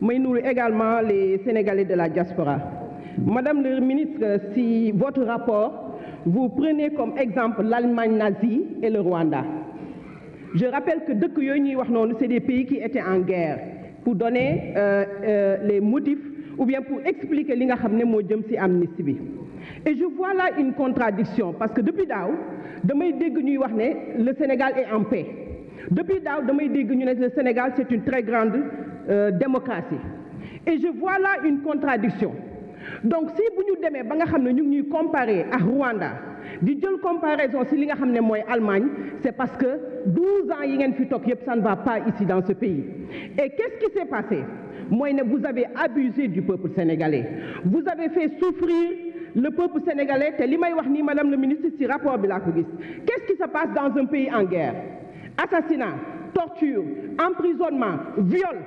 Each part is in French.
mais nous également les Sénégalais de la diaspora. Madame le ministre, si votre rapport, vous prenez comme exemple l'Allemagne nazie et le Rwanda. Je rappelle que c'est des pays qui étaient en guerre pour donner euh, euh, les motifs ou bien pour expliquer li nga xam ne et je vois là une contradiction parce que depuis Dao, depuis que le Sénégal est en paix depuis Dao, damay le Sénégal c'est une très grande euh, démocratie et je vois là une contradiction donc si vous nous comparer Rwanda comparaison si li nga Allemagne c'est parce que 12 ans ça ne va pas ici dans ce pays et qu'est-ce qui s'est passé vous avez abusé du peuple sénégalais vous avez fait souffrir le peuple sénégalais madame le ministre qu'est-ce qui se passe dans un pays en guerre assassinat torture, emprisonnement, viol.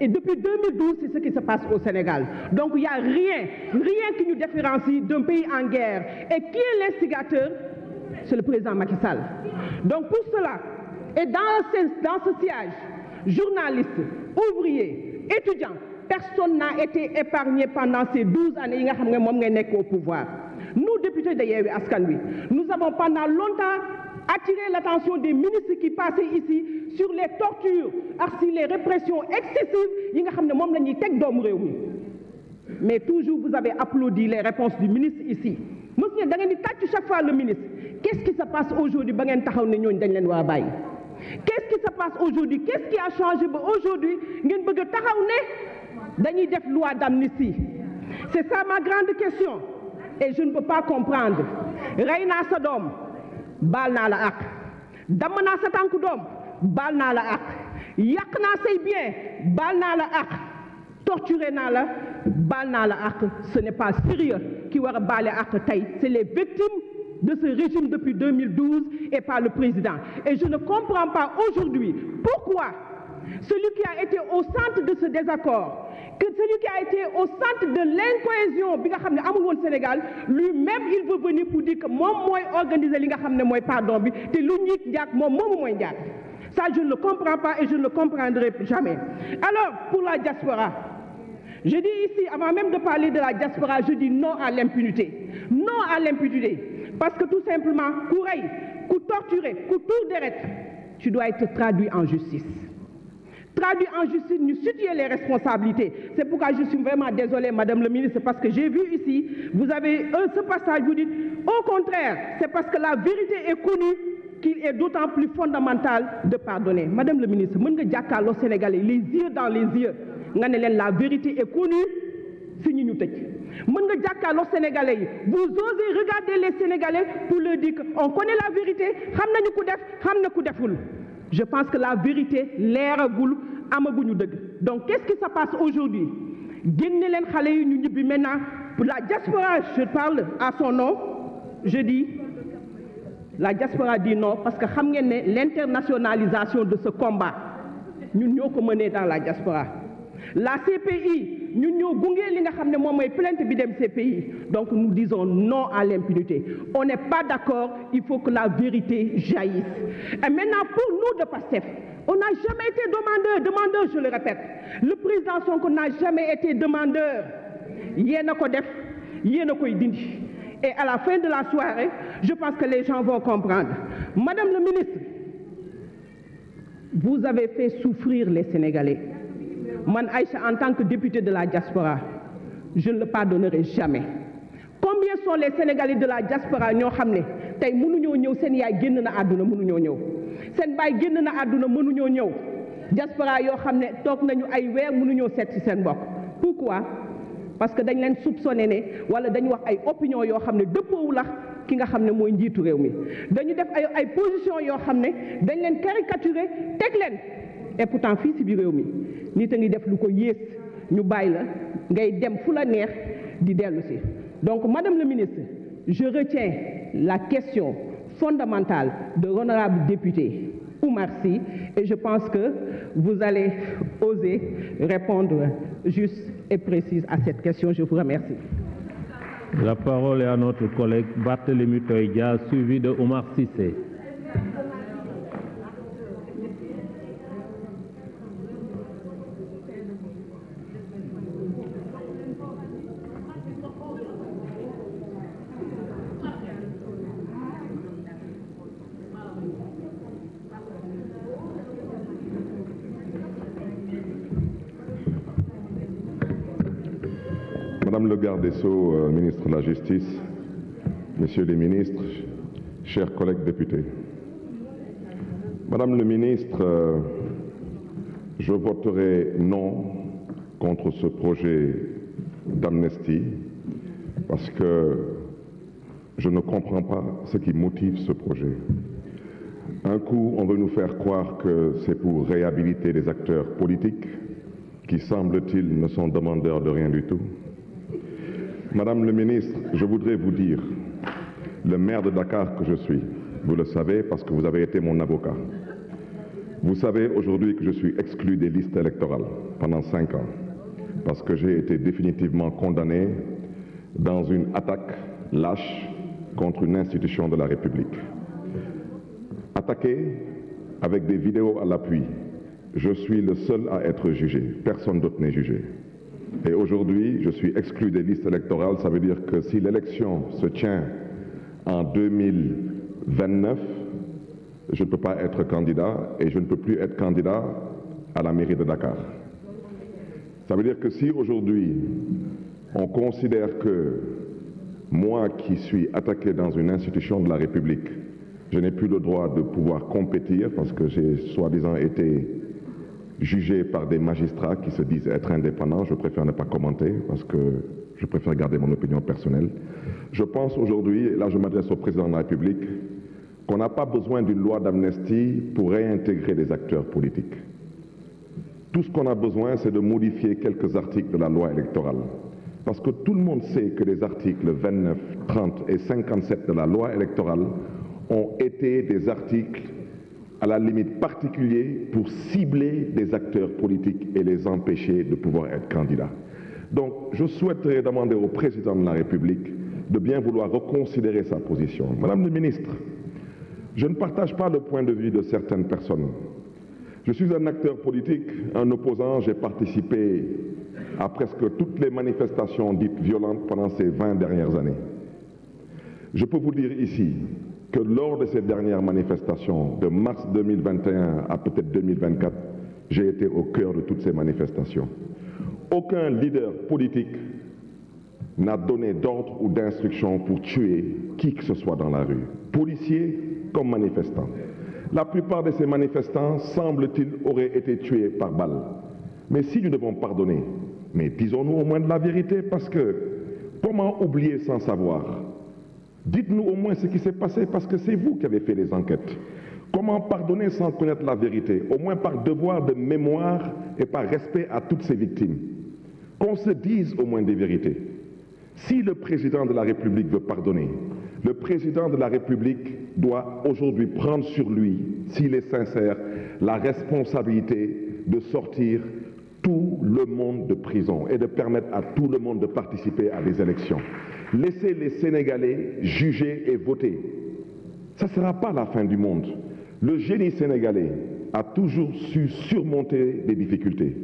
Et depuis 2012, c'est ce qui se passe au Sénégal. Donc il n'y a rien, rien qui nous différencie d'un pays en guerre. Et qui est l'instigateur C'est le président Macky Sall. Donc pour cela, et dans ce, siège, journalistes, ouvriers, étudiants, personne n'a été épargné pendant ces 12 années a au pouvoir. Nous, députés de nous avons pendant longtemps attirer l'attention des ministres qui passaient ici sur les tortures ainsi les répressions excessives yi nga que mais toujours vous avez applaudi les réponses du ministre ici monsieur vous chaque fois le ministre qu'est-ce qui se passe aujourd'hui qu'est-ce qui se passe aujourd'hui qu'est-ce qui a changé aujourd'hui loi d'amnistie c'est ça ma grande question et je ne peux pas comprendre Reina bal la ak damm naa sa la ak say bien bal la ak torturé nala la nala la ce n'est pas sérieux qui wara a ak tay c'est les victimes de ce régime depuis 2012 et par le président et je ne comprends pas aujourd'hui pourquoi celui qui a été au centre de ce désaccord, que celui qui a été au centre de l'incohésion au Sénégal lui-même il veut venir pour dire que moi, organiser li ne pardon ça je ne le comprends pas et je ne le comprendrai jamais alors pour la diaspora je dis ici avant même de parler de la diaspora je dis non à l'impunité non à l'impunité parce que tout simplement pour, coup torturé, torturer tour tout, tu dois être traduit en justice traduit en justice, nous situer les responsabilités. C'est pourquoi je suis vraiment désolé, Madame le ministre, parce que j'ai vu ici, vous avez un, ce passage, vous dites, au contraire, c'est parce que la vérité est connue qu'il est d'autant plus fondamental de pardonner. Madame le ministre, Munga les Sénégalais, les yeux dans les yeux, la vérité est connue, c'est nous mën nga les sénégalais vous osez regarder les sénégalais pour leur dire qu'on connaît la vérité xam nañu vous def xam na deful je pense que la vérité l'air amaguñu dëgg donc qu'est-ce qui se passe aujourd'hui la diaspora je parle à son nom je dis la diaspora dit non parce que l'internationalisation de ce combat nous n'y sommes dans la diaspora la CPI nous nous li nga ces pays donc nous disons non à l'impunité on n'est pas d'accord il faut que la vérité jaillisse et maintenant pour nous de PASTEF on n'a jamais été demandeur demandeur je le répète le président Sonko n'a jamais été demandeur def et à la fin de la soirée je pense que les gens vont comprendre madame le ministre vous avez fait souffrir les Sénégalais man Aïcha en tant que député de la diaspora je ne le pardonnerai jamais combien sont les sénégalais de la diaspora ñoo xam ne tey mënuñoo ñëw seen yaay génn na àdduna mënuñoo ñëw seen baay génn na àdduna mënuñoo ñëw diaspora yoo xam ne toog nañu ay weer mënuñoo seet ci seen mbokk pourquoi parce que dañ leen soupçonné ne wala dañu wax ay opinion yoo ramené deux dëppoowu lax ki nga xamné moy njitu njiitu mi dañu def ay ay position yo xamné dañ leen caricaturer tek leen et pourtant fi ci bi réew mi nit def lu ko ñu ngay dem donc madame la ministre je retiens la question fondamentale de l'honorable député Oumar Sy et je pense que vous allez oser répondre juste et précise à cette question. Je vous remercie. La parole est à notre collègue Barthélémy Toyga, suivi de Oumar Sissé. Madame le garde des Sceaux, euh, ministre de la Justice, Messieurs les ministres, chers collègues députés, Madame le ministre, euh, je voterai non contre ce projet d'amnestie parce que je ne comprends pas ce qui motive ce projet. Un coup, on veut nous faire croire que c'est pour réhabiliter les acteurs politiques qui, semble-t-il, ne sont demandeurs de rien du tout. Madame le ministre, je voudrais vous dire, le maire de Dakar que je suis, vous le savez parce que vous avez été mon avocat. Vous savez aujourd'hui que je suis exclu des listes électorales pendant cinq ans parce que j'ai été définitivement condamné dans une attaque lâche contre une institution de la République. Attaqué avec des vidéos à l'appui, je suis le seul à être jugé. Personne d'autre n'est jugé. Et aujourd'hui, je suis exclu des listes électorales. Ça veut dire que si l'élection se tient en 2029, je ne peux pas être candidat et je ne peux plus être candidat à la mairie de Dakar. Ça veut dire que si aujourd'hui on considère que moi qui suis attaqué dans une institution de la République, je n'ai plus le droit de pouvoir compétir parce que j'ai soi-disant été jugés par des magistrats qui se disent être indépendants. Je préfère ne pas commenter parce que je préfère garder mon opinion personnelle. Je pense aujourd'hui, et là je m'adresse au président de la République, qu'on n'a pas besoin d'une loi d'amnistie pour réintégrer des acteurs politiques. Tout ce qu'on a besoin, c'est de modifier quelques articles de la loi électorale. Parce que tout le monde sait que les articles 29, 30 et 57 de la loi électorale ont été des articles à la limite particulière pour cibler des acteurs politiques et les empêcher de pouvoir être candidats. Donc, je souhaiterais demander au président de la République de bien vouloir reconsidérer sa position. Madame la ministre, je ne partage pas le point de vue de certaines personnes. Je suis un acteur politique, un opposant, j'ai participé à presque toutes les manifestations dites violentes pendant ces 20 dernières années. Je peux vous dire ici que lors de ces dernières manifestations, de mars 2021 à peut-être 2024, j'ai été au cœur de toutes ces manifestations. Aucun leader politique n'a donné d'ordre ou d'instruction pour tuer qui que ce soit dans la rue, policiers comme manifestants. La plupart de ces manifestants, semble-t-il, auraient été tués par balle. Mais si nous devons pardonner, mais disons-nous au moins de la vérité, parce que comment oublier sans savoir Dites-nous au moins ce qui s'est passé parce que c'est vous qui avez fait les enquêtes. Comment pardonner sans connaître la vérité, au moins par devoir de mémoire et par respect à toutes ces victimes Qu'on se dise au moins des vérités. Si le président de la République veut pardonner, le président de la République doit aujourd'hui prendre sur lui, s'il est sincère, la responsabilité de sortir le monde de prison et de permettre à tout le monde de participer à des élections. Laissez les Sénégalais juger et voter. Ça ne sera pas la fin du monde. Le génie sénégalais a toujours su surmonter les difficultés.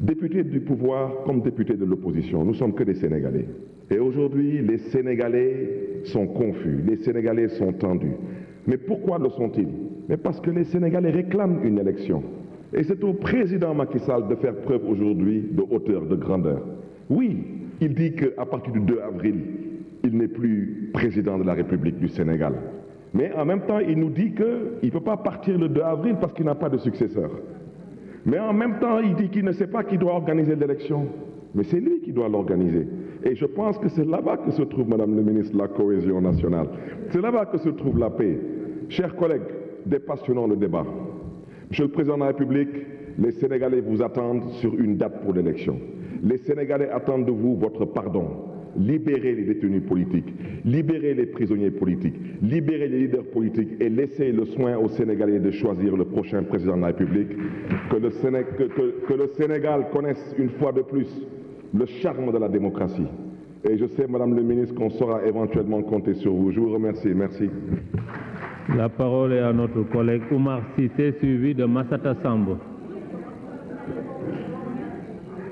Députés du pouvoir comme députés de l'opposition, nous sommes que des Sénégalais. Et aujourd'hui, les Sénégalais sont confus, les Sénégalais sont tendus. Mais pourquoi le sont-ils Mais parce que les Sénégalais réclament une élection. Et c'est au président Macky Sall de faire preuve aujourd'hui de hauteur, de grandeur. Oui, il dit qu'à partir du 2 avril, il n'est plus président de la République du Sénégal. Mais en même temps, il nous dit qu'il ne peut pas partir le 2 avril parce qu'il n'a pas de successeur. Mais en même temps, il dit qu'il ne sait pas qui doit organiser l'élection. Mais c'est lui qui doit l'organiser. Et je pense que c'est là-bas que se trouve, Madame la ministre, la cohésion nationale. C'est là-bas que se trouve la paix. Chers collègues, dépassionnons le débat. Monsieur le Président de la République, les Sénégalais vous attendent sur une date pour l'élection. Les Sénégalais attendent de vous votre pardon. Libérez les détenus politiques, libérez les prisonniers politiques, libérez les leaders politiques et laissez le soin aux Sénégalais de choisir le prochain président de la République. Que le, Sénégal connaisse une fois de plus le charme de la démocratie. Et je sais, Madame le ministre, qu'on saura éventuellement compter sur vous. Je vous remercie. Merci. La parole est à notre collègue Oumar Sissé, suivi de Massata Sambo.